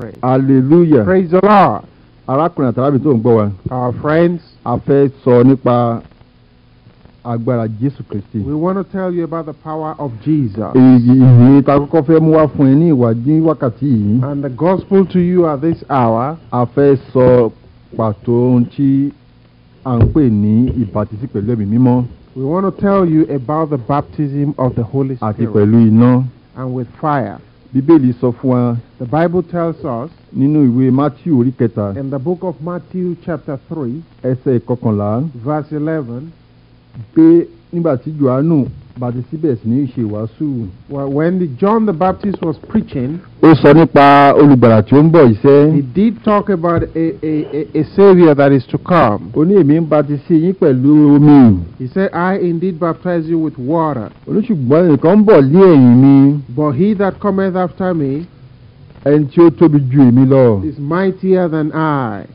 praise. hallelujah. praise the lord. arákùnrin àtàràbí tó ń gbọ́ wa. our friends. a fẹ́ sọ nípa agbára jésù kristi. we want to tell you about the power of jesus. èyí ta kọ́kọ́ fẹ́ mú wá fún ẹ ní ìwádìí wákàtí yìí. and the gospel to you at this hour. a fẹ́ sọ pàtó ohun tí à ń pè ní ìbátisí pẹ̀lú ẹ̀mí mímọ́. we want to tell you about the baptism of the holy spirit. àti pẹ̀lú iná. and with fire bíbélì sọ fún wa. the bible tells us. nínú ìwé matthew orí kẹta. in the book of matthew chapter three. ẹsẹ̀ verse eleven. pé nígbà tí When the John the Baptist was preaching, ó sọ nípa olùgbàlà tí ó ń bọ̀ iṣẹ́. he did talk about a a a saviour that is to come. ó ní èmi ń baptisi yín pẹ̀lú omi. he said I indeed baptize you with water. olùṣùgbọ́n nìkan ń bọ̀ lé ẹ̀yìn mi. but he that cometh after me. ẹni tí ó tóbi ju èmi lọ. is mightier than I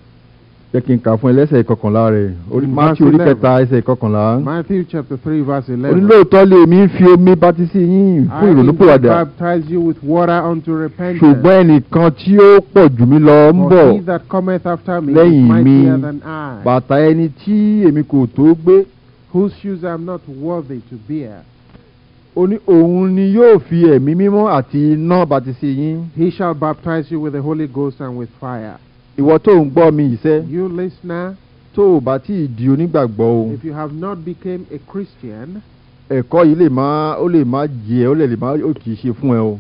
jẹ́ kí n kà fún ẹlẹ́sẹ̀ ìkọkànlá rẹ̀ Matthew orí mm, kẹta ẹsẹ̀ ìkọkànlá. Matthew chapter three verse eleven. onílòótọ́ lè mi fi omi bátìsí yín fún ìrònúpìwàdà. I will baptize you with water unto repentance. ṣùgbọ́n ẹnìkan tí ó pọ̀ jù mí lọ ń bọ̀. for he that cometh after me is mightier than I. bàtà ẹni tí èmi kò tó gbé. whose shoes I am not worthy to bear ó ní òun ni yóò fi ẹ̀mí mímọ́ àti iná bàtìsí yín. he shall baptize you with the Holy Ghost and with fire ìwọ tó ń gbọ́ mi iṣẹ́. you listener. tó o bá tí ì di onígbàgbọ́ o. if you have not become a Christian. ẹ̀kọ́ yìí lè má ó lè má jẹ ó lè má ó kì í ṣe fún ẹ o.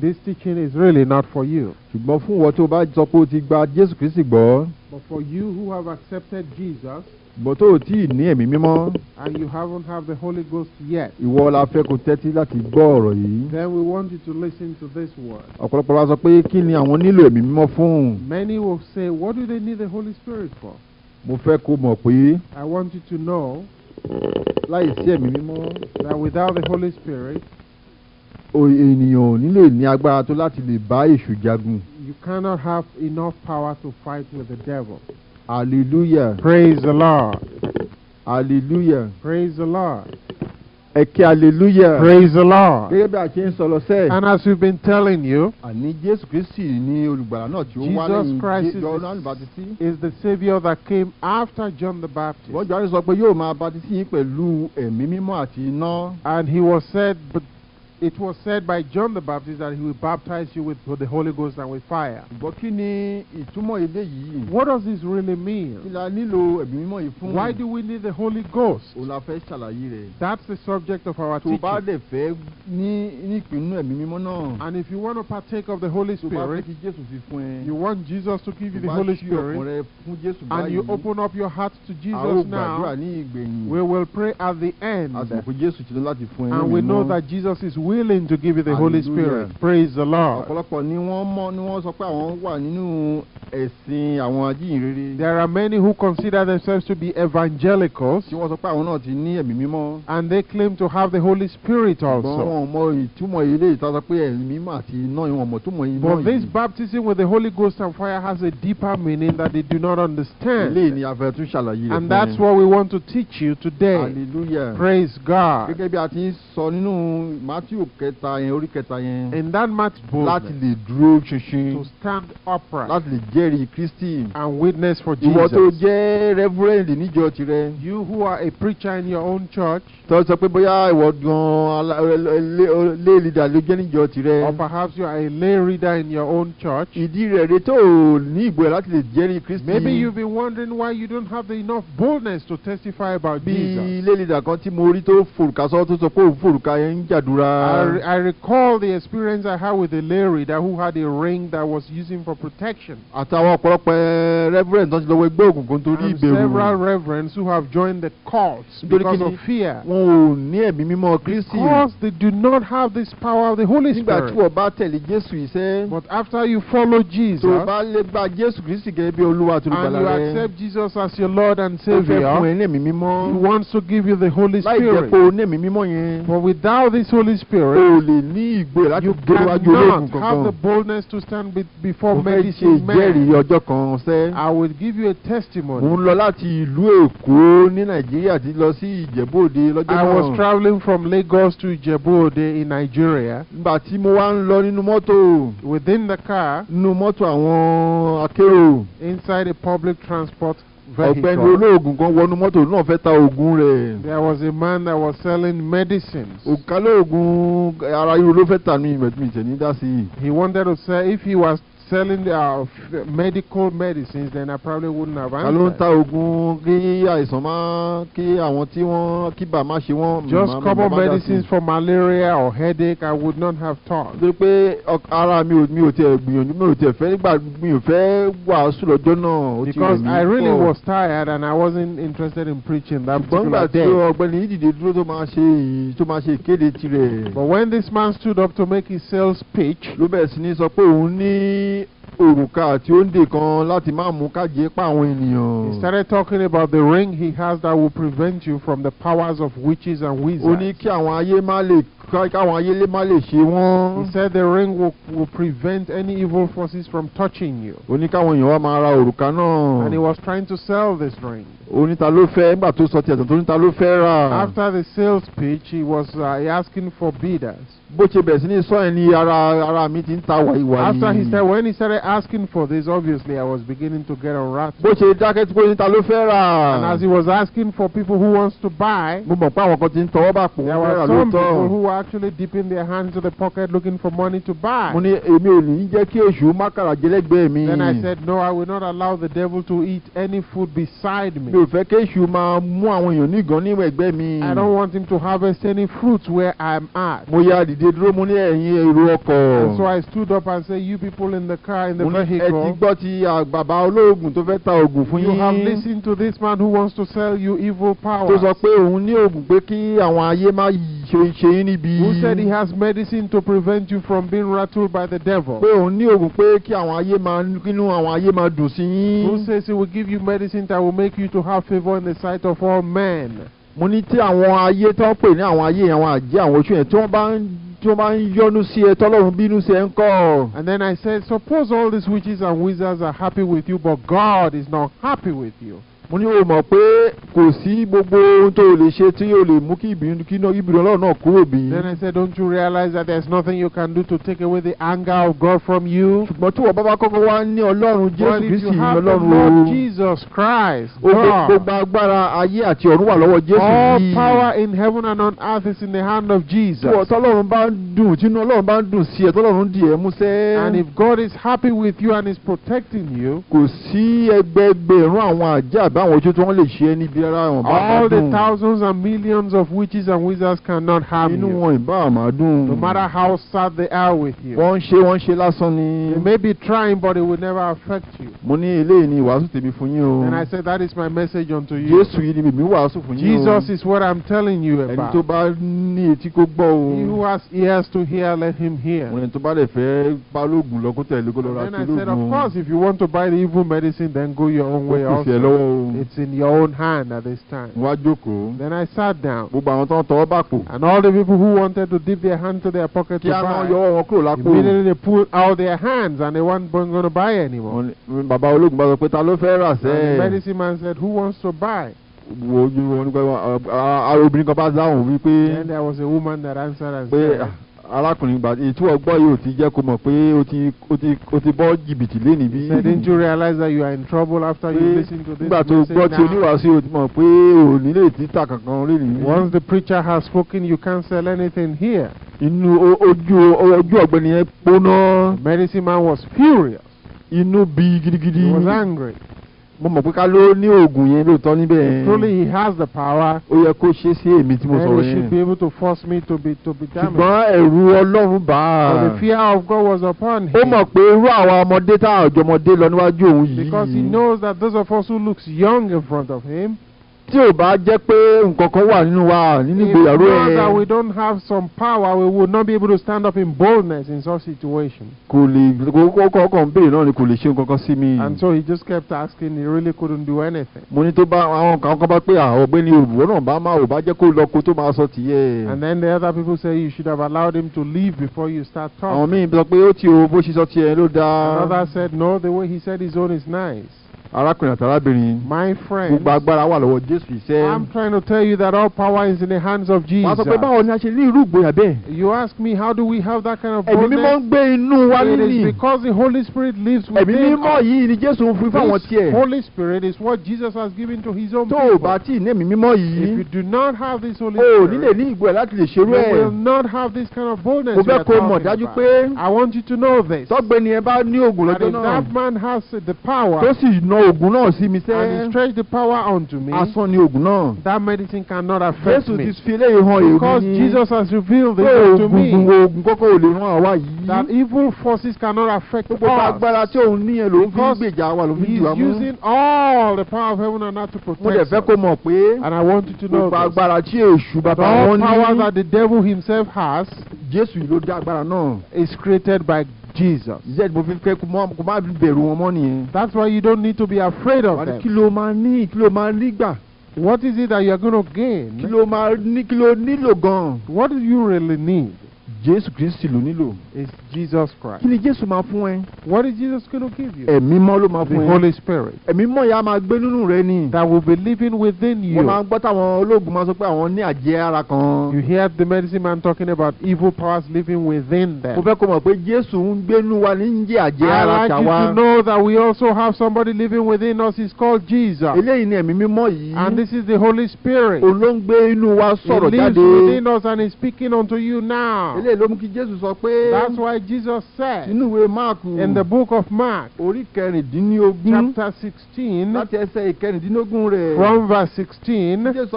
this teaching is really not for you. ṣùgbọ́n fún ìwọ tó o bá sọ pé o ti gba Jésù Kristi gbọ́. but for you who have accepted Jesus bó tí ì ní ẹ̀mí mímọ́. and you haven't have the Holy Ghost yet. ìwọ la fẹ́ kó tẹ́tí láti gbọ́ ọ̀rọ̀ yìí. then we want you to listen to this word. ọ̀pọ̀lọpọ̀ wa sọ pé kí ni àwọn nílò ẹ̀mí mímọ́ fún. many will say what do they need the Holy Spirit for. mo fẹ́ kó mọ̀ pé. I want you to know. láìsí ẹ̀mí mímọ́. that without the Holy Spirit. ènìyàn ò ní ní agbára tó láti lè bá èṣù jagun. you cannot have enough power to fight with the devil. Hallelujah. Praise the Lord. Hallelujah. Praise the Lord. Ẹ̀kẹ́ hallelujah. Praise the Lord. Gẹ́gẹ́ bí a ṣe ń sọ lọ sẹ́ẹ̀. And as we've been telling you. Àní Jésù Kristi ni olùgbàlà náà tí ó wá lẹ́yìn John Baptist. is the saviour that came after John the Baptist. Wọ́n jọ àrísọ pé yóò máa baptisi yín pẹ̀lú ẹ̀mí mímọ́ àti iná. And he was said. But it was said by John the Baptist that he will baptize you with, with the Holy Ghost and with fire. What does this really mean? Why do we need the Holy Ghost? That's the subject of our teaching. And if you want to partake of the Holy Spirit. You want Jesus to give you the Holy Spirit. And you open up your heart to Jesus now. We will pray at the end. And we know that Jesus is willing willing to give you the Holy Spirit. Praise the Lord. There are many who consider themselves to be evangelicals. And they claim to have the Holy Spirit also. But this baptism with the Holy Ghost and fire has a deeper meaning that they do not understand. And that's what we want to teach you today. Hallelujah. Praise God. Matthew and in that much boldness. to stand upright. láti lè Jerry Kristi. and witness for Jesus. tirẹ̀. you who are a preacher in your own church. tó sọ I bóyá go? tirẹ̀. or perhaps you are a lay reader in your own church. tó maybe you've been wondering why you don't have enough boldness to testify about Jesus. bí leader tó fòrùkà sọ uh, I, recall the experience I had with the lay reader who had a ring that was using for protection. àtàwọn ọ̀pọ̀lọpọ̀ eh, reverend ti ẹgbẹ́ òkùnkùn And several reverends who have joined the cults because of fear. wọn ò ní ẹ̀mí mímọ́ kristi Because they do not have this power of the Holy nígbà tí Spirit. wọ́n bá tẹ̀lé jésù But after you follow Jesus tó and bá lè gba jésù kristi gẹ́gẹ́ bí olúwa you accept Jesus as your Lord and ó fẹ́ fún Savior, ẹ ní ẹ̀mí mímọ́ He wants to give you the Holy láì jẹ́ Spirit. But without this Holy rẹ o lè ní ìgboyà láti déwájú olóògùn kankan. you cannot have the boldness to stand before medicine men. mo fẹ́ ṣe ìjẹ́rìí ọjọ́ kan sẹ́. I will give you a testimony. mo ń lọ láti ìlú Èkó ní Nàìjíríà ti lọ sí Ìjẹ̀bú-Òde lọ́jọ́ náà. I was travelling from Lagos to Ìjẹ̀bú-Òde in Nigeria. nígbà tí mo wá ń lọ nínú mọ́tò. within the car. nínú mọ́tò àwọn akérò. inside a public transport ọ̀gbẹ́ni olóògùn kan wọnú mọ́tò náà fẹ́ ta oògùn rẹ̀. there was a man that was selling medicines. òkàlóògùn ara irun ló fẹ́ tà mí ìmẹ̀tí ní dá he wanted to say if he was selling uh, medical medicines then I probably wouldn't have answered. ta ló ta oògùn kí àìsàn má kí àwọn tí wọ́n kí bà má ṣe wọ́n. just common medicines for malaria or headache I would not have thought. nítorí pé ara mi ò mi ò tiẹ̀ gbìyànjú mi ò tiẹ̀ fẹ́ nígbà mi ò fẹ́ wàásù lọ́jọ́ náà. because I really was tired and I wasn't interested in preaching that particular day. ṣùgbọ́n tí ọ̀gbẹ́ni yìí dìde dúró tó máa ṣe tó máa ṣe ìkéde tirẹ̀. but when this man stood up to make his sales pitch. ló bẹ̀rẹ̀ sí ní sọ pé òun ní. the òrùka àti òǹdè kan láti má mú kájé pa àwọn ènìyàn. he started talking about the ring he has that will prevent you from the powers of witches and wizards. ó ní kí àwọn ayé má lè káwọn ayé má lè ṣe wọ́n. he said the ring will, will prevent any evil forces from touching you. ó ní káwọn èèyàn wá máa ra òrùka náà. and he was trying to sell this ring. oníta ló fẹ́ nígbà tó sọ tiẹ̀ tó níta ló fẹ́ rà. after the sales pitch he was uh, asking for bidders. bó ṣe bẹ̀rẹ̀ sí ní sọ ẹ̀ ara ara mi ti ń ta wàyíwàyí. after he said when he started asking for this, obviously I was beginning to get unwrapped. Bó ṣe dákẹ́ tí kò ní ta ló fẹ́ rà. And as he was asking for people who wants to buy. Mo mọ̀ pé àwọn kan ti ń tọwọ́ bá pò ń fẹ́ rà lóòótọ́. There were some people who were actually dipping their hands in the pocket looking for money to buy. Mo ní èmi ò ní jẹ́ kí èṣù mákàrà jẹlẹ́gbẹ̀ẹ́ mi. Then I said no I will not allow the devil to eat any food beside me. Mi ò fẹ́ kí èṣù máa mú àwọn èèyàn ní ìgàn ní ẹgbẹ́ mi. I don't want him to harvest any fruits where I am at. Mo ya dìde dúró mo ní ẹ̀yin èrò ọkọ̀. And so I stood up and said you people in the car in the vehicle. ẹ ti gbọ́ ti bàbá olóògùn tó fẹ́ ta oògùn fún yín. you have listened to this man who wants to sell you evil power. tó sọ pé òun ní oògùn pé kí àwọn ayé má ṣe ṣe yín níbi. who said he has medicine to prevent you from being rattled by the devil. pé òun ní oògùn pé kí àwọn ayé máa nínú àwọn ayé máa dùn sí yín. who says he will give you medicine that will make you to have favour in the sight of all men. mo ní tí àwọn ayé tó pè ní àwọn ayé àwọn àjẹ́ àwọn oṣù yẹn tí wọ́n bá ń and then I said suppose all these witches and wizards are happy with you but God is not happy with you. mo ní o mọ̀ pé kò sí gbogbo ohun tó lè ṣe tí o lè mú kí ìbínú ọlọ́run náà kúrò bí. then I said don't you realize that there is nothing you can do to take away the anger of God from you. ṣùgbọ́n tí wọ́n bá bá kọ́kọ́ wá ní ọlọ́run Jésù Kristi ní ọlọ́run o. Lord Jesus Christ. o agbára ayé àti ọ̀run wà lọ́wọ́ Jésù yìí. all power in heaven and on earth is in the hand of Jesus. tí ọlọ́run bá ń dùn tí inú ọlọ́run bá ń dùn sí ẹ tọ́lọ́run dì ẹ́ mú and if God is happy with you and is protecting you. kò sí ẹgbẹgbẹ̀rún àwọn àjẹ́ káwọn ojú tí wọ́n lè ṣe é níbi ara wọn bá máa dùn. all the thousands and millions of witches and wizards cannot harm you. inú wọn ìbá máa dùn. no matter how sad they are with you. wọ́n ń ṣe wọ́n ń ṣe lásán ni. they may be trying but it will never affect you. mo ní eléyìí ni ìwàásù tèmi fún yín o. and I said that is my message unto you. Jésù yìí ni mi wàásù fún yín o. Jesus is what I'm telling you about. ẹni tó bá ní etí kó gbọ́ o. he who has ears to hear let him hear. ẹni tó bá lè fẹ́ balógun lọ kó tẹ̀lé kó lọ ra tó lóògùn and then I said of course if you want to buy the evil medicine then go your own way also. Mm. it's in your own hand at this time. wá jókòó. then I sat down. gbogbo àwọn tó ń tọwọ́ bàpò. and all the people who wanted to dip their hand to their pocket to buy. kí a máa yọ wọn kúrò lápò. immediately they pulled out their hands and they weren't going to buy anymore. bàbá ológun bá sọ pé ta ló fẹ́ rà sẹ́ẹ̀. and the medicine man said who wants to buy wo ojú wọn nípa ara obìnrin kan bá dáhùn wípé. then there was a woman that answered and said. Ah, arákùnrin gbà ètò ọgbọ́n yìí ò ti jẹ́ kó mọ̀ pé ó ti bọ́ jìbìtì lẹ́nu bí. said didn't you realize that you are in trouble after you listen to this message now. nígbà tó gbọ́ tí oníwàásù o ti mọ̀ pé o ní lè títà kankan lẹ́nu. once the preacher has spoken you can't sell anything here. inú ojú ojú ọ̀gbẹ́ni yẹn gbóná. medicine man was furious. inú bí gidigidi. he was angry mo mọ̀ pé ká ló ní oògùn yẹn lóòótọ́ níbẹ̀ yẹn. truly he has the power. ó yẹ kó ṣe sí èmi tí mo sọ̀rọ̀ yẹn. and he should be able to force me to be to be damaged. ṣùgbọ́n ẹ̀rù ọlọ́run bá a. for the fear of God was upon him. ó mọ̀ pé irú àwọn ọmọdé tá àjọmọdé lọ níwájú òun yìí. because he knows that those of us who looks young in front of him tí ò bá jẹ́ pé nǹkan kan wà nínú wa nínú ìgbéyàwó ẹ. if that we don't have some power we would not be able to stand up in boldness in such situations. kò lè kó kọ̀ọ̀kan béèrè náà ni kò lè ṣe nǹkan kan sí mi. and so he just kept asking he really couldn't do anything. mo ní tó bá àwọn kan kan bá pé ọ̀gbẹ́ni òbúwọ́ náà bá máa ò bá jẹ́ kó lọ kó tó máa sọ tìyẹ. and then the other people say you should have allowed him to leave before you start talking. àwọn míì sọ pé ó ti o bó ṣe sọ tiẹ̀ ló dáa. another said no the way he said his own is nice arákùnrin àti arábìnrin. my friend gbogbo agbára wà lọ́wọ́ jésù iṣẹ́. i'm trying to tell you that all power is in the hands of jesus. wàá sọ pé báwo ni a ṣe ní irú ìgboyà bẹ́ẹ̀. you ask me how do we have that kind of boldness. ẹ̀mí mímọ́ ń gbé inú wa nínú. it is because the holy spirit lives within us. ẹ̀mí mímọ́ yìí ni jésù ń fún fáwọn tiẹ̀. this holy spirit is what jesus has given to his own people. tó o bá tí ní ẹ̀mí mímọ́ yìí. if you do not have this holy spirit. o ní lè ní ìgboyà láti lè ṣerú ẹ̀. you will not have this kind of boldness. mo fẹ́ kó mọ̀ dájú pé. i want you to know this. if that man has the power. tó sì ná oògùn náà sí mi sẹ́. and he stretched the power unto me. asán ni oògùn náà. that medicine cannot affect me. Jésù ti fi eléyìí hàn èmi. because Jesus has revealed this unto me. pé oògùn kọ́kọ́ ò lè ràn àwa yìí. that evil forces cannot affect us. gbogbo agbára tí òun ní yẹn ló ń fi gbèjà wa ló ń fi jù mú. he is using all the power of heaven and earth to protect us. mo dẹ̀ fẹ́ kó mọ̀ pé. and I want you to know this. gbogbo agbára tí èṣù bàbá wọn ní. all powers that the devil himself has. Jésù yìí ló dá agbára náà. is created by God. Jesus. Ǹjẹ́ mo fi fẹ́ kó má bẹ̀rù wọn mọ́ nìyẹn. That's why you don't need to be afraid of them. Kí ló máa ní kí ló máa ní gbà? What is it that you are going to gain? Kí ló máa ní kí ló nílò gan What do you really need? Jésù Kristi ló nílò is Jesus Christ. kí ni Jésù máa fún ẹ. what is Jesus gonna give you. ẹ̀mí mọ́ ló máa fún ẹ. the Holy Spirit. ẹ̀mí mọ́ yà á máa gbé nínú rẹ ni. that will be living within you. wọ́n máa ń gbọ́ táwọn olóògùn máa sọ pé àwọn ní àjẹ́ ara kan. you hear the medicine man talking about evil powers living within them. mo fẹ́ kó mọ̀ pé Jésù ń gbénu wa ní jẹ́ àjẹ́ ara tàwa. I like you to know that we also have somebody living within us he called Jesus. eléyìí ni ẹ̀mí mímọ́ yìí. and this is the Holy Spirit. olóńgbé inú wa sọ̀rọ̀ jáde. he lives within us and is speaking unto you now. eléyìí ló mú kí Jésù sọ pé. That's why Jesus said in the book of Mark chapter sixteen from verse sixteen he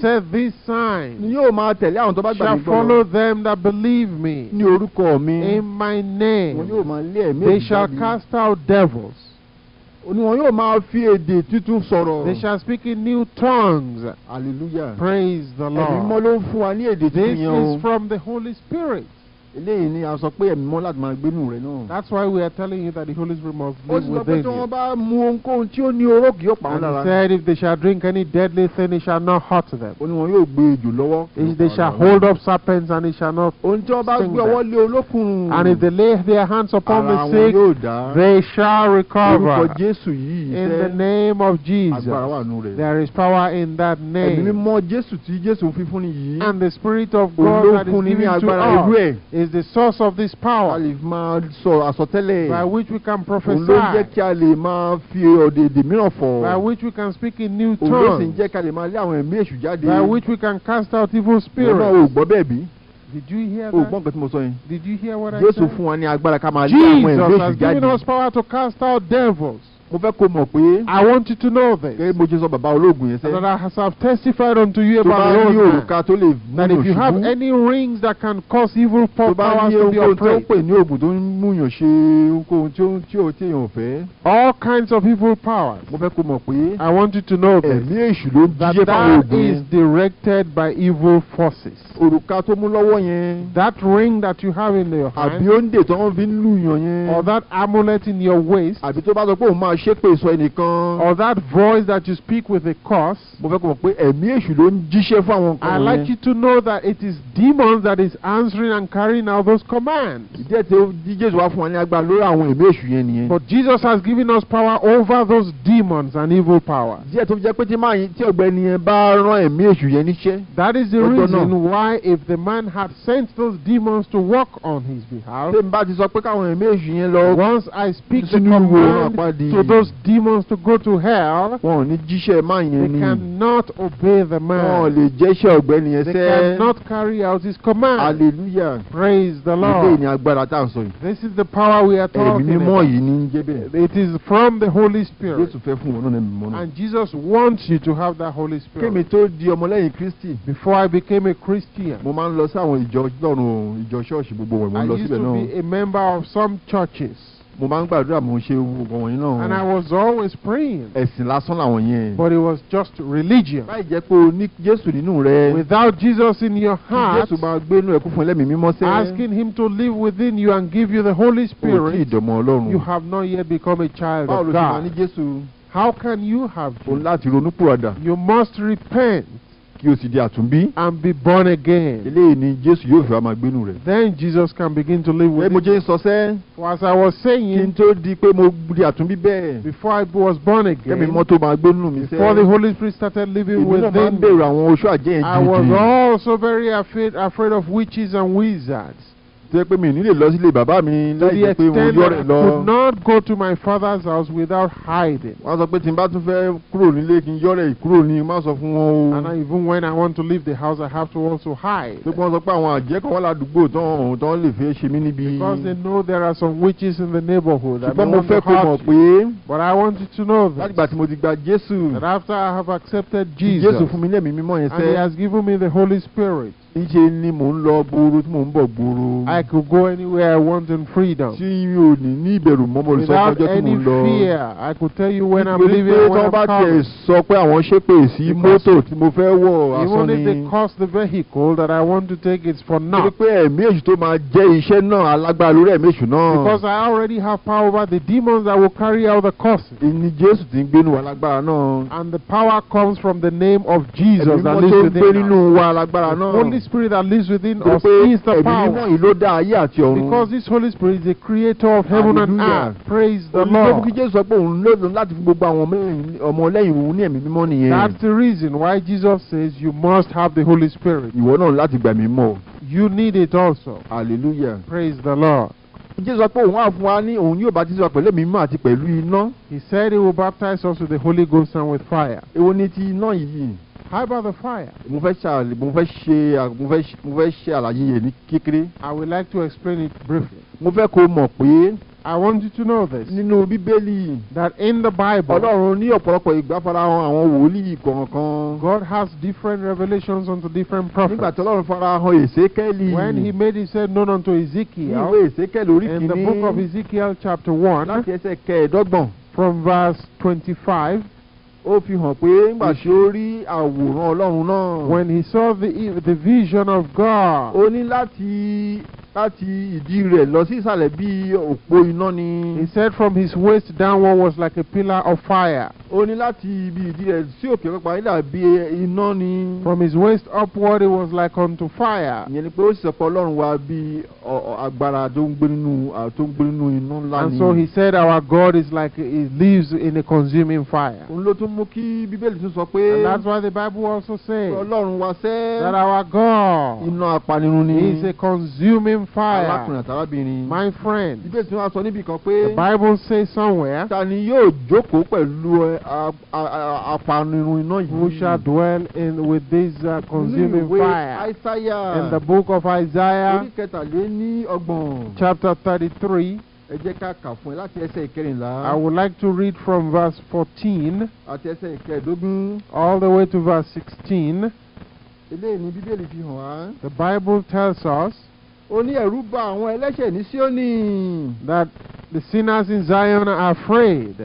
said this sign shall follow them that believe me in my name they shall cast out devils they shall speak in new tongues. hallelujah praise the lord. this is from the holy spirit eléyìí ni a sọ pé ẹ̀mí mọ́ láti máa gbénu rẹ̀ náà. that's why we are telling you that the holy spirit must be within you. ó sì sọ pé tí wọ́n bá mu ohunkóhun tí ó ní yóò pa wọ́n lára. and he said if they shall drink any deadly thing it shall not hurt them. ó ní wọn yóò gbé ejò lọ́wọ́. if they shall hold up serpents and it shall not sting them. ohun tí wọ́n bá gbé ọwọ́ lé and if they lay their hands upon the sick they shall recover. orúkọ Jésù yìí in the name of Jesus agbára wà nù rẹ̀. there is power in that name. ẹ̀mí Jésù tí Jésù yìí. and the spirit of God that is given to us. ní agbára ẹ̀. is the source of this power. a lè sọ àsọtẹ́lẹ̀. by which we can prophesy. òun jẹ́ kí a lè máa fi ọ̀dẹ̀dẹ̀ mìíràn fọ̀. by which we can speak in new tongues. òun sì ń jẹ́ kí a lè máa lé àwọn ẹ̀mí èṣù jáde. by which we can cast out evil spirits. ìrọ̀lẹ́ o bẹ́ẹ̀ bí. Did you hear that? O gbọ́ tí mo sọ yẹn. Did you hear what I said? Jésù fún wa ní agbára ká máa lé àwọn ẹ̀mí èṣù jáde. Jesus has given us power to cast out devils mo fẹ́ kó mọ̀ pé. I want you to know this. pé mo ṣe sọ bàbá olóògùn yẹn sẹ́. that I have testified unto you about the old man. tó bá ní òrùka tó lè mú yàn ṣubú. if you have any rings that can cause evil powers to be oppressed. tó bá ní ohun tó pè ní oògùn tó ń mú yàn ṣe ohun tí ó tí ó tí èèyàn fẹ́. all kinds of evil powers. mo fẹ́ kó mọ̀ pé. I want you to know this. ẹ̀mí èṣù ló ń jíjẹ́ fáwọn oògùn yẹn. that that is directed by evil forces. òrùka tó mú lọ́wọ́ yẹn. that ring that you have in your hand. àbí ó ń dè tán fi ń lù yàn yẹn. or that amulet in your waist. àbí tó bá sọ pé òun máa ṣépè sọ ẹnìkan. or that voice that you speak with a curse. mo fẹ́ kó mọ̀ pé ẹ̀mí èṣù ló ń jíṣẹ́ fún àwọn kan I'd like you to know that it is demons that is answering and carrying out those commands. ìdí ẹ̀ tí wá fún wa ní agbára lórí àwọn ẹ̀mí èṣù yẹn nìyẹn. but Jesus has given us power over those demons and evil power. díẹ̀ tó jẹ́ pé tí máa tí ọ̀gbẹ́ni yẹn bá rán ẹ̀mí èṣù yẹn níṣẹ́. that is the reason why if the man had sent those demons to work on his behalf. ṣé n bá ti sọ pé káwọn ẹ̀mí èṣù yẹn lọ. once I speak the command to those demons to go to hell. wọn ní jíṣẹ́ máa yẹn ni. they cannot obey the man. wọn lè jẹ́ṣẹ́ ọ̀gbẹ́ni yẹn sẹ́. they cannot carry out his command. hallelujah. praise the lord. ilé agbára tá à ń sọ yìí. this is the power we are talking about. ẹ̀mí yìí ní it is from the holy spirit. fẹ́ fún wọn náà ní mímọ́ náà. and Jesus wants you to have that holy spirit. kémi tó di ọmọlẹ́yìn Kristi. before I became a Christian. mo máa ń lọ sí àwọn ìjọ ìjọ ṣọ́ọ̀ṣì gbogbo wọn I used to be a member of some churches mo máa ń gbàdúrà mo ṣe gbogbo wọ̀nyí náà. and I was always praying. ẹ̀sìn lásán làwọn yẹn. but it was just religion. báyìí jẹ́ pé o ní Jésù nínú rẹ. without Jesus in your heart. Jésù máa gbé inú ẹ̀kú fún ẹlẹ́mìí mímọ́ asking him to live within you and give you the Holy Spirit. o ti Ọlọ́run. you have not yet become a child of God. báwo ló ti ní Jésù. How can you have? O láti You must repent. kí o sì di àtúnbí. and be born again. eléyìí ni Jésù yóò fi wá máa gbénu rẹ̀. then Jesus can begin to live with. mo jẹ́ sọ for as I was saying. kí n tó di pé mo di àtúnbí bẹ́ẹ̀. before I was born again. kẹ́mi mọ́tò máa gbénu mi sẹ́. before the Holy Spirit started living with me. èmi náà máa ń bèrè àwọn oṣù àjẹ́ yẹn I was also very afraid, afraid of witches and wizards. I could not go to my father's house without hiding. and even when I want to leave the house I have to also hide. because they know there are some witches in the neighborhood. but I want you to know this. that after I have accepted Jesus. Jésù fún and he has given me the Holy Spirit. níṣe ni mò ń lọ gbòòrò tí mò ń bọ̀ gbòòrò. I could go anywhere I want in freedom. tí mi ò ní ní ìbẹ̀rù mọ́mọ́ sọ ọjọ́ tí mò ń lọ. without any fear I could tell you when I'm leaving when I'm coming. ìpèsè tó bá tiẹ̀ sọ pé àwọn ṣépè sí mọ́tò tí mo fẹ́ wọ̀ asán even if they cost the vehicle that I want to take it's for now. pé ẹ̀mí èṣù tó máa jẹ́ iṣẹ́ náà alágbára lórí ẹ̀mí èṣù náà. because I already have power over the demons that will carry out the cost. ìní Jésù ti ń gbénu wa lágbára náà. and the power comes from the name of Jesus that lives within us. ẹ̀mí mọ́tò ń Spirit that lives within us is the power. Because this Holy Spirit is the creator of heaven and earth. Praise the Lord. That's the reason why Jesus says you must have the Holy Spirit. You need it also. Hallelujah. Praise the Lord. Jesus pé òun á fún wa ní òun yóò baptize wa pẹ̀lú ẹ̀mí mímọ́ àti pẹ̀lú iná. He said he will baptize us with the Holy Ghost and with fire. Èwo ni ti iná yìí? How about the fire? Mo fẹ́ ṣe mo fẹ́ ṣe mo fẹ́ mo fẹ́ ṣe àlàyé yẹn ní kékeré. I would like to explain it briefly. Mo fẹ́ kó mọ̀ pé. I want you to know this. Nínú Bíbélì. That in the Bible. Ọlọ́run ní ọ̀pọ̀lọpọ̀ ìgbà farahàn àwọn wòlíì kọ̀ọ̀kan. God has different revelations unto different prophets. Nígbà tí Ọlọ́run farahàn Èsékẹ́lì. When he made his head known unto Ezekiel. Ìwé Èsékẹ́lì orí kìíní. In the book of Ezekiel chapter one. Láti ẹsẹ̀ kẹẹ̀ẹ́dọ́gbọ̀n. From verse twenty-five ó fi hàn pé nígbà tí ó rí àwòrán ọlọ́run náà. when he saw the, the vision of God. ó ní láti láti ìdí rẹ̀ lọ sí ìsàlẹ̀ bí òpó iná ni. he said from his waist downward was like a pillar of fire ó ní láti ibi ìdí rẹ̀ sí òkè pápá nígbà bí iná ni. from his waist upward it was like unto fire. ìyẹn ni pé ó sì sọ pé ọlọ́run wa bí agbára tó ń gbé nínú tó ń gbé nínú iná ńlá ni. and so he said our God is like he lives in a consuming fire. òun ló tún mú kí bíbélì tún sọ pé. and that's why the bible also says. ọlọ́run wa sẹ́. that our God. iná apanirun ni. is a consuming fire. alákùnrin àtàlábìnrin. my friend. bíbélì tún wá sọ níbì kan pé. the bible says somewhere. ta ni yóò jókòó pẹ̀lú ẹ. apanirun iná yìí. who shall dwell in with this uh, consuming fire. Isaiah. in the book of Isaiah. orí kẹtàléní ọgbọ̀n. chapter thirty-three. ẹ jẹ́ ká kà fún ẹ láti ẹsẹ̀ ìkẹrìnlá. I would like to read from verse fourteen. àti ẹsẹ̀ all the way to verse sixteen. eléyìí ni bíbélì fi hàn wá. the Bible tells us. ó ní ẹ̀rù bà àwọn ẹlẹ́ṣẹ̀ ní Síónì. that the sinners in Zion are afraid.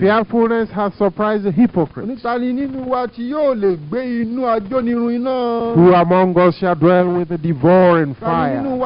Fearfulness has surprised the hypocrites. Who among us shall dwell with the devouring fire? Who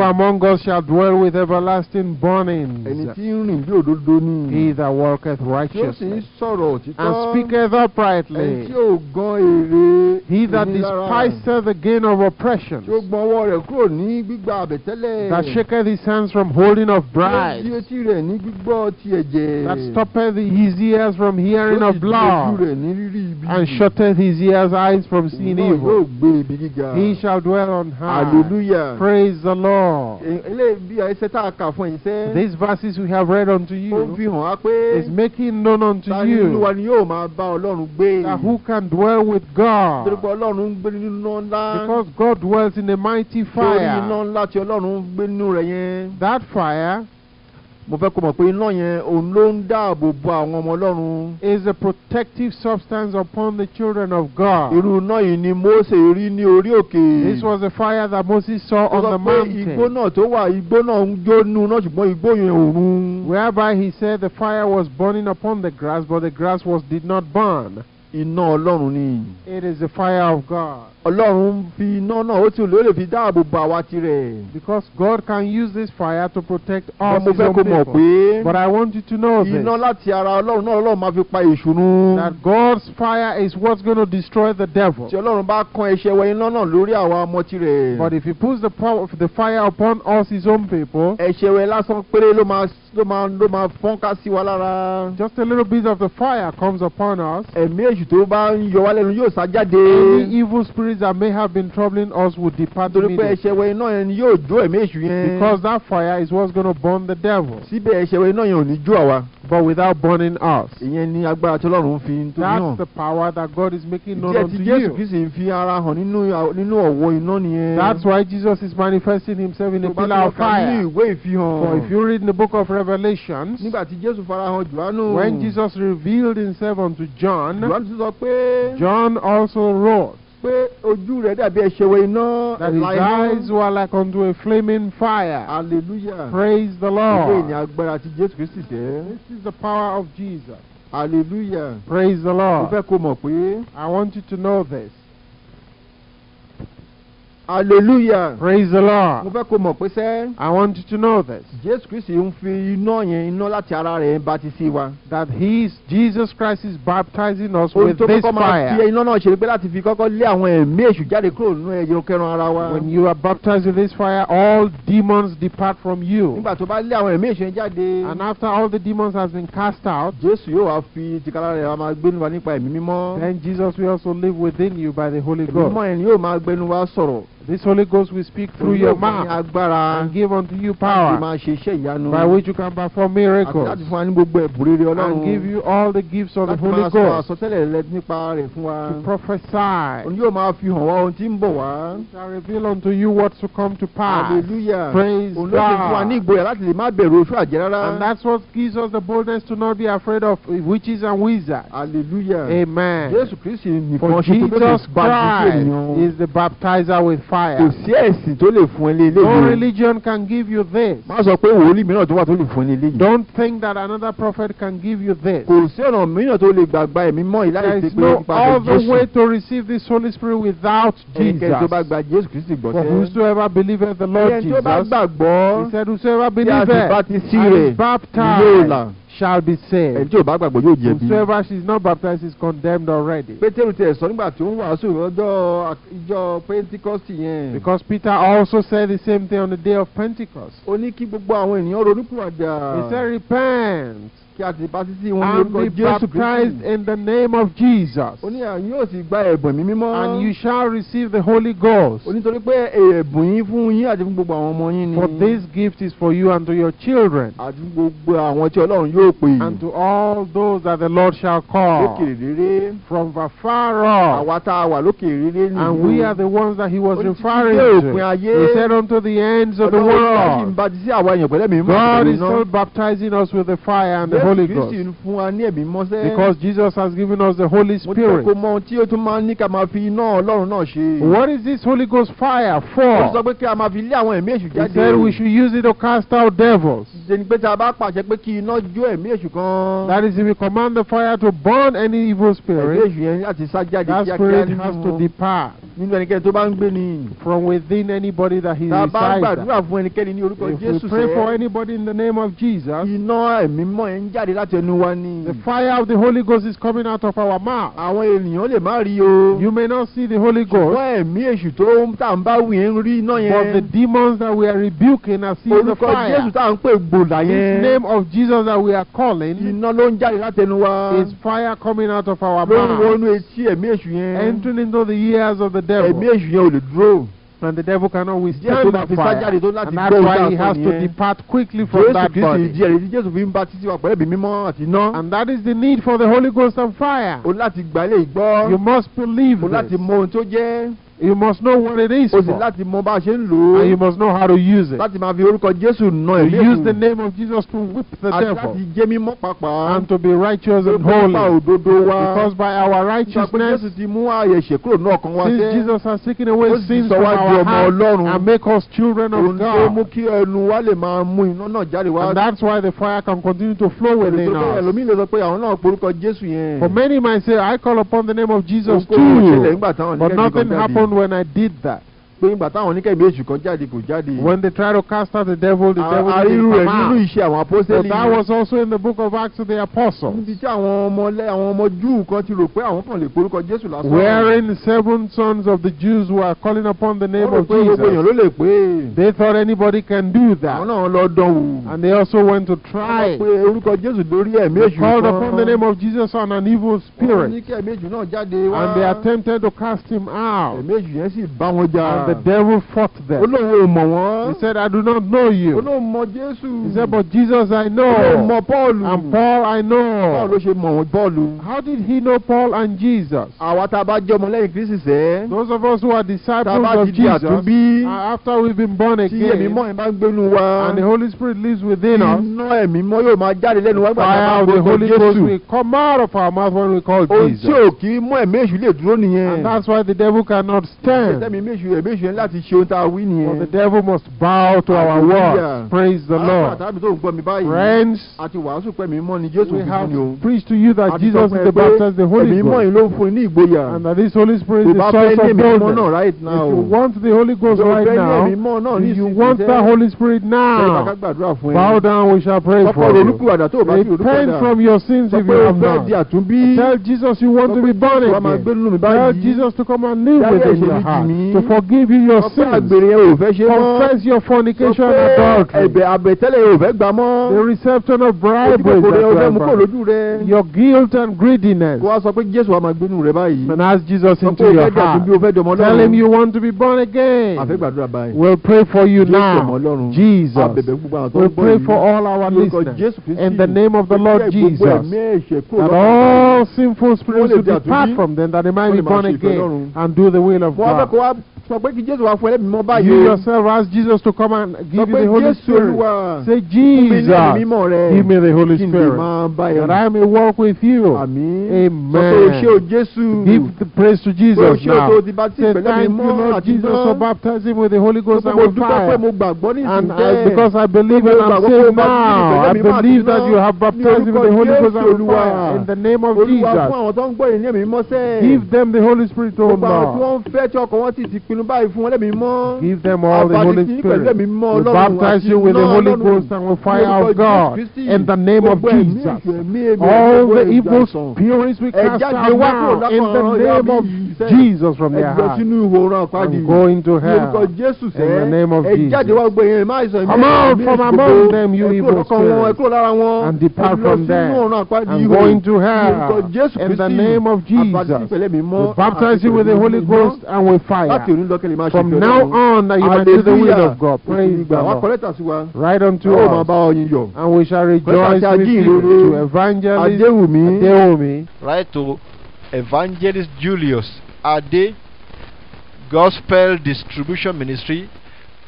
among us shall dwell with everlasting burnings? He that worketh righteousness And speaketh uprightly. He that despiseth the gain of oppression actions tí ó gbọ́n ọwọ́ rẹ̀ kúrò ní gbígba àbẹ̀tẹ́lẹ̀. that shaketh his hands from holding of bribes. tí ó ti rẹ̀ ní gbígbọ́ ti ẹ̀jẹ̀. that stoppeth his ears from hearing of blood. ti rẹ̀ ní rírí ibi. and shutteth his ears eyes from seeing evil. ìwọ yóò gbé ibi gíga. he shall dwell on high. hallelujah. praise the Lord. ilé bí tá a kà fún these verses we have read unto you. ó fi hàn á pé. is making known unto you. olúwa ni yóò máa bá ọlọ́run gbé. that who can dwell with God. because God dwell in a mighty fire. torí iná ńlá tí ọlọ́run gbé nínú rẹ̀ yẹn. that fire. mo fẹ́ kó mọ̀ pé iná yẹn òun ló ń dáàbò bo àwọn ọmọ ọlọ́run. is a protective substance upon the children of God. irú iná yìí ni Mósè rí ní orí òkè. this was the fire that Moses saw on the mountain. igbó náà tó wà igbó náà ń jó nínú náà ṣùgbọ́n igbó yẹn ò run. whereby he said the fire was burning upon the grass but the grass was did not burn. iná ọlọ́run ni. it is the fire of God. Ọlọ́run fi iná náà ó tún lè fi dáàbò bo àwa tirẹ̀. because God can use this fire to protect all his own people. but I want you to know this. iná láti ara Ọlọ́run náà Ọlọ́run máa fi pa ìṣúnú. that God's fire is what's going to destroy the devil. tí Ọlọ́run bá kan ẹ̀ṣẹ̀ wọ iná náà lórí àwa ọmọ tirẹ̀. but if he puts the, power, the fire upon all his own people. ẹ̀ṣẹ̀ wẹ̀ lásán péré ló máa ló máa ló máa fọ́nká sí wa lára. just a little bit of the fire comes upon us. ẹ̀mí èṣù tó bá ń yọ wá lẹ́nu yóò sá jáde. any evil spirit. that may have been troubling us would depart immediately. because that fire is what's gonna burn the devil. but without burning us. that's the power that God is making known unto you. that's why Jesus is manifesting himself in a pillar of fire. for if you read in the book of Revelations. when Jesus revealed himself unto John. John also wrote pé ojú rẹ̀ dàbí ẹ̀ṣẹ̀wé iná. that his eyes were like unto a flaming fire. hallelujah praise the lord. ìwé agbára ti Jésù jẹ́. this is the power of Jesus. hallelujah praise the lord. mo fẹ́ kó mọ̀ pé. I want you to know this. hallelujah. praise the lord. mo fẹ́ kó mọ̀ pé sẹ́. I want you to know this. Jésù Kristi ń fi iná yẹn iná láti ara rẹ̀ bá ti sí wa. that he is Jesus Christ is baptizing us with this fire. ohun tó kọ́kọ́ máa fi iná náà ṣe pé láti fi kọ́kọ́ lé àwọn ẹ̀mí èṣù jáde kúrò nínú ẹ̀yọ kẹran ara wa. when you are baptized with this fire all demons depart from you. nígbà tó bá lé àwọn ẹ̀mí èṣù yẹn jáde. and after all the demons has been cast out. Jésù yóò wá fi tìkára rẹ̀ wá máa gbénu wa nípa ẹ̀mí mímọ́. then Jesus will also live within you by the Holy God. ẹ̀mí mímọ́ yẹn yóò máa gbénu wa sọ̀rọ̀. This Holy Ghost will speak through your mouth and give unto you power by which you can perform miracles and give you all the gifts of the Holy Ghost to prophesy. He reveal unto you what is to come to pass. Hallelujah. Praise God. And that's what gives us the boldness to not be afraid of witches and wizards. Hallelujah. Amen. For Jesus Christ is the baptizer with fire. no religion can give you this. eléyìí. don't think that another prophet can give you this. there is no other way to receive this Holy Spirit without Jesus. ẹnikẹ́ni tó for whosoever believeth the Lord Jesus. ẹnikẹ́ni tó bá gbàgbọ́. he said whosoever believeth. and is baptized. shall be saved. ẹni tí ò bá gbàgbọ́ yóò jẹ̀bi. whosoever she is not baptized is condemned already. pétérù tiẹ̀ sọ nígbà tí ó ń wàásù lọ́jọ́ ìjọ pentecost yẹn. because Peter also said the same thing on the day of Pentecost. ó ní kí gbogbo àwọn ènìyàn ronúpìwàdà. he said repent. sì wọn ní orúkọ Jésù and be baptized in the name of Jesus. ó ní yóò sì gba ẹ̀bùn mi mímọ́. and you shall receive the Holy Ghost. ó pé ẹ̀bùn yín fún yín àti fún gbogbo àwọn ọmọ yín ni. for this gift is for you and to your children. àti gbogbo àwọn tí Ọlọ́run yóò pè. and to all those that the Lord shall call. lókè rere. from afar off. àwa tá a wà lókè rere nìyí. and we are the ones that he was referring to. are ayé. he said unto the ends of the world. Ọlọ́run yóò bá ti sí àwa èèyàn pẹ̀lẹ́ mi mọ́. God is still baptizing us with the fire and the Holy Ghost. Because Jesus has given us the Holy Spirit. What is this Holy Ghost fire for? He said we should use it to cast out devils. That is, if we command the fire to burn any evil spirit, that spirit has to depart. nínú ẹnikẹ́ni tó bá ń gbé ni. from within anybody that he resides. tá a bá gbàdúrà fún ẹnikẹ́ni ní orúkọ Jésù sẹ́. if we pray for anybody in the name of Jesus. iná ẹ̀mí mọ́ ẹ̀ ń jáde láti ẹnu wa ni. the fire of the Holy Ghost is coming out of our mouth. àwọn ènìyàn lè má rí o. you may not see the Holy Ghost. ṣùgbọ́n ẹ̀mí èṣù tó ń tà ń bá wù yẹn ń rí iná yẹn. but the demons that we are rebuking are seeing the fire. orúkọ Jésù tá à ń pè gbòòlà yẹn. the name of Jesus that we are calling. iná ló ń jáde láti ẹnu wa. is fire coming out of our mouth. ló ń wọnú etí ẹ̀mí èṣù yẹn. entering into the ears of the devil. ẹ̀mí èṣù yẹn ò lè And the devil cannot withstand that fire. And that's why he has to depart quickly from that body. And that is the need for the Holy Ghost and fire. You must believe this you must know what it is láti mọ bá a ṣe ń lò ó. and you must know how to use it. láti máa fi orúkọ Jésù use the name of Jesus to whip the devil. àti láti jẹ́ mímọ́ and to be righteous and holy. òdodo wa. because by our righteousness. Jésù ti mú àyẹ̀ṣẹ̀ kúrò wa. since Jesus has taken away sins from our heart. and make us children of God. òun ló mú kí ẹnu wa lè máa mú iná náà jáde wá. and that's why the fire can continue to flow within us. ẹlòmíì lè sọ pé àwọn náà porúkọ Jésù yẹn. for many might say I call upon the name of Jesus too. but nothing happened when I did that pé táwọn oníkẹ́bí èṣù kan jáde kò jáde. when they try to cast out the devil the devil didn't come out. àrírù rẹ̀ nínú ìṣe àwọn but that was also in the book of Acts of the Apostles. níbi tí àwọn ọmọ àwọn ọmọ Júù kan ti rò pé àwọn kan lè porúkọ Jésù lásán. seven sons of the Jews were calling upon the name of Jesus. wọ́n rò pé gbogbo èèyàn ló lè pé. they thought anybody can do that. náà lọ dán wò. and they also went to try. wọ́n pe orúkọ Jésù lórí ẹ̀mí èṣù kan. called upon the name of Jesus on an evil spirit. èṣù náà jáde wá. and they attempted to cast him out. ẹ̀mí èṣù yẹn sì bá wọn jà. the devil fought them. olóhùn ò mọ̀ wọ́n. he said I do not know you. olóhùn mọ̀ Jésù. he said but Jesus I know. olóhùn mọ̀ Pọ́ọ̀lù. and Paul I know. Paul ló ṣe mọ̀ wọ́n how did he know Paul and Jesus? àwa tá a bá jẹ́ ọmọlẹ́yìn Kristi sẹ́. those of us who are disciples of Jesus. tá a bá after we've been born again. tí ẹ̀mí mọ́ ẹ̀ bá ń gbénu wa. and the Holy Spirit lives within us. iná ẹ̀mí mọ́ yóò máa jáde lẹ́nu wá gbàgbọ́ the Holy Ghost will come out of our mouth when we call Jesus. ohun tí ò kì í mú ẹ̀mí èṣù lè dúró nìyẹn. and that's why the devil cannot stand. ẹ̀mí èṣù ẹ̀mí èṣù ṣe láti ṣe ohun tá a wí nìyẹn. the devil must bow to our word. praise the lord. àtàbí tó friends. we have preached to you that Jesus is the Baptist the Holy Spirit. and that this Holy Spirit is the source of boldness. if you want the Holy Ghost right now. if you want that Holy Spirit now. bow down we shall pray for you. repent from your sins if you have not. tell Jesus you want to be born again. tell Jesus to come and live within your heart. to forgive forgive you your sins. àgbèrè yẹn ò fẹ́ ṣe mọ́. confess your fornication and adultery. the reception of bribery your guilt and greediness. and ask Jesus into your heart. tell him you want to be born again. báyìí. we'll pray for you now. Jesus. we'll pray for all our listeners. in the name of the Lord Jesus. that all sinful spirits will depart from them that they might be born again and do the will of God you yourself ask Jesus to come and give you the Holy Spirit. say Jesus give me the Holy Spirit. that I may walk with you. amen. Oh give the praise to Jesus oh now. say thank you Lord Jesus for baptizing with the Holy Ghost and fire. and I, because I believe and I'm saved now. I believe that you have baptized with the Holy Ghost and fire. in the name of Jesus. give them the Holy Spirit o oh Lord give them all the holy spirit. we baptize you with the holy ghost and with fire of God in the name of Jesus. all the evil spirits we cast out now in the name of Jesus from their heart. and go into hell in the name of Jesus. Come out from among them, you evil spirits, and depart from them and go into hell in the name of Jesus. We baptize you with the Holy Ghost and with fire lọ kẹ́lẹ́ máa from now on that you might do the will of God praise God. Lord right unto oh, us and we shall rejoice with you to evangelist Adewumi Adewumi right to evangelist Julius Ade Gospel Distribution Ministry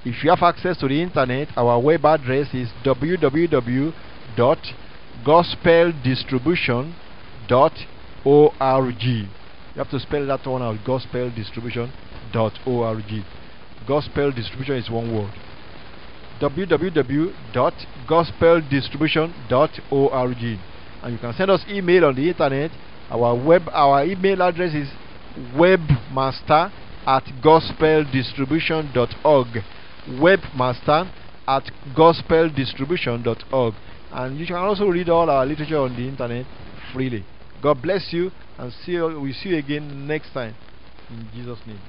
if you have access to the internet our web address is www.gospeldistribution.org you have to spell that one out gospel distribution www.gospeldistribution.org. Gospel distribution is one word. www.gospeldistribution.org. And you can send us email on the internet. Our web our email address is webmaster at gospeldistribution.org. Webmaster at gospeldistribution.org. And you can also read all our literature on the internet freely. God bless you and see you, we see you again next time in Jesus name.